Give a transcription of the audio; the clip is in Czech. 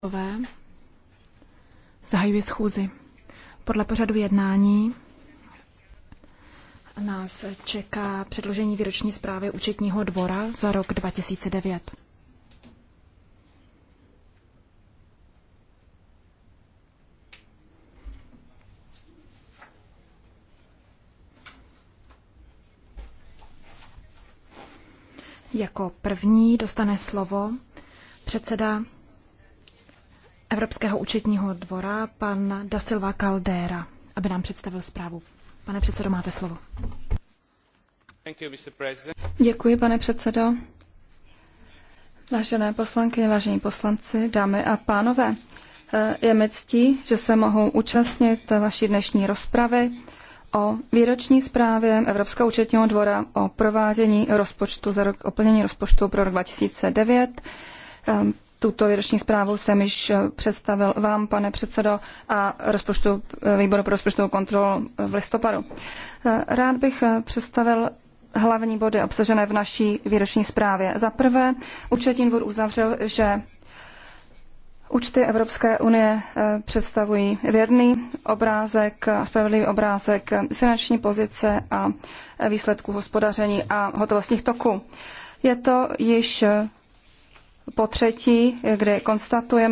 kolegové, zahajuji schůzi. Podle pořadu jednání nás čeká předložení výroční zprávy účetního dvora za rok 2009. Jako první dostane slovo předseda Evropského účetního dvora, pan Da Silva Caldera, aby nám představil zprávu. Pane předsedo, máte slovo. Děkuji, pane předsedo. Vážené poslankyně, vážení poslanci, dámy a pánové, je mi ctí, že se mohou účastnit vaší dnešní rozpravy o výroční zprávě Evropského účetního dvora o provádění rozpočtu za rok, o plnění rozpočtu pro rok 2009 tuto výroční zprávu jsem již eh, představil vám, pane předsedo, a rozpočtu, eh, výboru pro rozpočtovou kontrolu eh, v listopadu. Rád bych představil hlavní body obsažené v naší výroční zprávě. Za prvé, účetní dvůr uzavřel, že Účty Evropské unie představují věrný obrázek, spravedlivý obrázek finanční pozice a výsledků hospodaření a hotovostních toků. Je to již po třetí, kde konstatujeme,